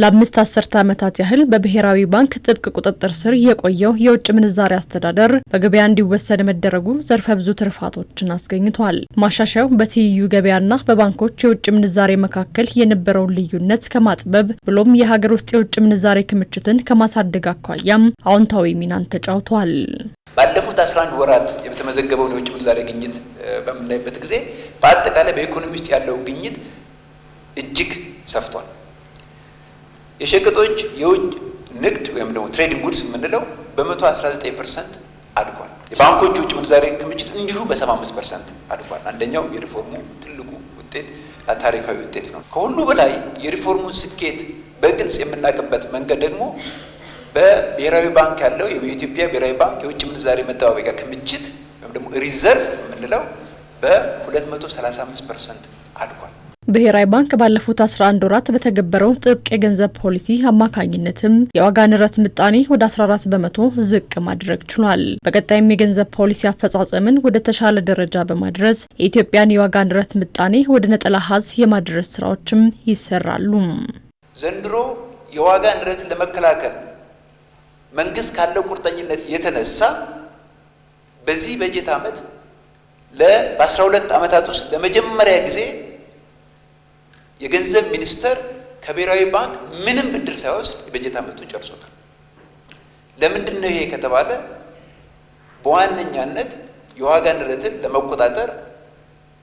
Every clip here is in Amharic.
ለአምስት አስርተ ዓመታት ያህል በብሔራዊ ባንክ ጥብቅ ቁጥጥር ስር የቆየው የውጭ ምንዛሪ አስተዳደር በገበያ እንዲወሰድ መደረጉ ዘርፈ ብዙ ትርፋቶችን አስገኝቷል። ማሻሻያው በትይዩ ገበያና በባንኮች የውጭ ምንዛሬ መካከል የነበረውን ልዩነት ከማጥበብ ብሎም የሀገር ውስጥ የውጭ ምንዛሬ ክምችትን ከማሳደግ አኳያም አዎንታዊ ሚናን ተጫውቷል። ባለፉት 11 ወራት የተመዘገበውን የውጭ ምንዛሬ ግኝት በምናይበት ጊዜ በአጠቃላይ በኢኮኖሚ ውስጥ ያለው ግኝት እጅግ ሰፍቷል። የሸቀጦች የውጭ ንግድ ወይም ደግሞ ትሬዲንግ ጉድስ የምንለው በመቶ አስራ ዘጠኝ ፐርሰንት አድጓል። የባንኮች የውጭ ምንዛሬ ክምችት እንዲሁ በሰባ አምስት ፐርሰንት አድጓል። አንደኛው የሪፎርሙ ትልቁ ውጤት ታሪካዊ ውጤት ነው። ከሁሉ በላይ የሪፎርሙን ስኬት በግልጽ የምናውቅበት መንገድ ደግሞ በብሔራዊ ባንክ ያለው የኢትዮጵያ ብሔራዊ ባንክ የውጭ ምንዛሬ መጠባበቂያ ክምችት ወይም ደግሞ ሪዘርቭ የምንለው በ235 ፐርሰንት አድጓል። ብሔራዊ ባንክ ባለፉት 11 ወራት በተገበረው ጥብቅ የገንዘብ ፖሊሲ አማካኝነትም የዋጋ ንረት ምጣኔ ወደ 14 በመቶ ዝቅ ማድረግ ችሏል። በቀጣይም የገንዘብ ፖሊሲ አፈጻጸምን ወደ ተሻለ ደረጃ በማድረስ የኢትዮጵያን የዋጋ ንረት ምጣኔ ወደ ነጠላ ሀዝ የማድረስ ስራዎችም ይሰራሉ። ዘንድሮ የዋጋ ንረትን ለመከላከል መንግስት ካለው ቁርጠኝነት የተነሳ በዚህ በጀት ዓመት በ12 ዓመታት ውስጥ ለመጀመሪያ ጊዜ የገንዘብ ሚኒስተር ከብሔራዊ ባንክ ምንም ብድር ሳይወስድ የበጀት ዓመቱን ጨርሶታል። ለምንድን ነው ይሄ ከተባለ በዋነኛነት የዋጋ ንረትን ለመቆጣጠር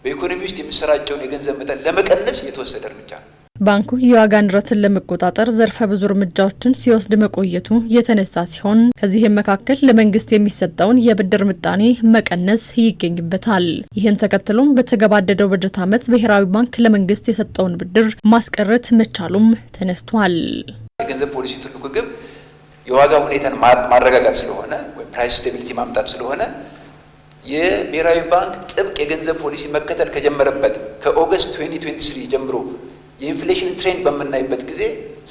በኢኮኖሚ ውስጥ የሚሰራጨውን የገንዘብ መጠን ለመቀነስ የተወሰደ እርምጃ ነው። ባንኩ የዋጋ ንረትን ለመቆጣጠር ዘርፈ ብዙ እርምጃዎችን ሲወስድ መቆየቱ የተነሳ ሲሆን ከዚህም መካከል ለመንግስት የሚሰጠውን የብድር ምጣኔ መቀነስ ይገኝበታል። ይህን ተከትሎም በተገባደደው በጀት ዓመት ብሔራዊ ባንክ ለመንግስት የሰጠውን ብድር ማስቀረት መቻሉም ተነስቷል። የገንዘብ ፖሊሲ ትልቁ ግብ የዋጋ ሁኔታን ማረጋጋት ስለሆነ ወይም ፕራይስ ስቴቢሊቲ ማምጣት ስለሆነ የብሔራዊ ባንክ ጥብቅ የገንዘብ ፖሊሲ መከተል ከጀመረበት ከኦገስት 2023 ጀምሮ የኢንፍሌሽን ትሬንድ በምናይበት ጊዜ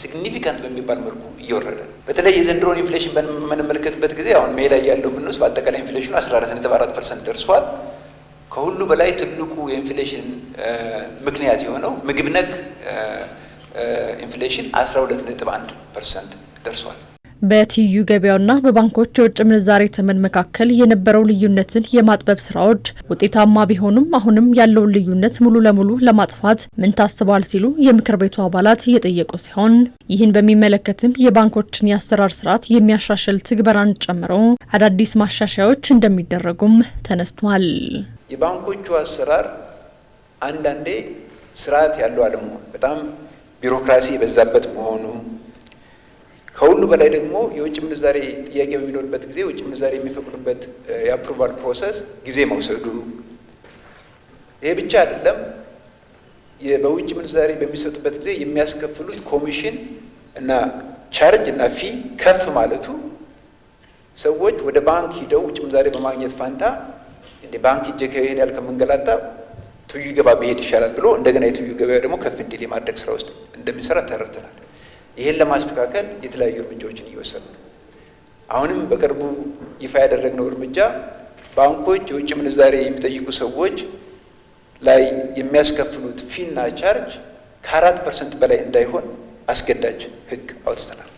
ሲግኒፊካንት በሚባል መልኩ እየወረደ ነው። በተለይ የዘንድሮን ኢንፍሌሽን በምንመለከትበት ጊዜ አሁን ሜይ ላይ ያለው ብንወስድ በአጠቃላይ ኢንፍሌሽኑ 14.4 ፐርሰንት ደርሷል። ከሁሉ በላይ ትልቁ የኢንፍሌሽን ምክንያት የሆነው ምግብ ነክ ኢንፍሌሽን 12.1 ፐርሰንት ደርሷል። በትይዩ ገበያውና በባንኮች የውጭ ምንዛሬ ተመን መካከል የነበረው ልዩነትን የማጥበብ ስራዎች ውጤታማ ቢሆኑም አሁንም ያለውን ልዩነት ሙሉ ለሙሉ ለማጥፋት ምን ታስቧል ሲሉ የምክር ቤቱ አባላት እየጠየቁ ሲሆን ይህን በሚመለከትም የባንኮችን የአሰራር ስርዓት የሚያሻሽል ትግበራን ጨምሮ አዳዲስ ማሻሻያዎች እንደሚደረጉም ተነስቷል። የባንኮቹ አሰራር አንዳንዴ ስርዓት ያለው አለመሆን፣ በጣም ቢሮክራሲ የበዛበት መሆኑ ከሁሉ በላይ ደግሞ የውጭ ምንዛሬ ጥያቄ በሚኖርበት ጊዜ የውጭ ምንዛሬ የሚፈቅዱበት የአፕሩቫል ፕሮሰስ ጊዜ መውሰዱ። ይሄ ብቻ አይደለም። በውጭ ምንዛሬ በሚሰጡበት ጊዜ የሚያስከፍሉት ኮሚሽን እና ቻርጅ እና ፊ ከፍ ማለቱ ሰዎች ወደ ባንክ ሂደው ውጭ ምንዛሬ በማግኘት ፋንታ እንደ ባንክ እጄ ከሄን ያል ከመንገላታ ትዩ ገባ መሄድ ይሻላል ብሎ እንደገና የትዩ ገበያ ደግሞ ከፍ እንዲል የማድረግ ስራ ውስጥ እንደሚሰራ ተረድተናል። ይህን ለማስተካከል የተለያዩ እርምጃዎችን እየወሰዱ ነው። አሁንም በቅርቡ ይፋ ያደረግነው እርምጃ ባንኮች የውጭ ምንዛሬ የሚጠይቁ ሰዎች ላይ የሚያስከፍሉት ፊና ቻርጅ ከአራት ፐርሰንት በላይ እንዳይሆን አስገዳጅ ህግ አውጥተናል።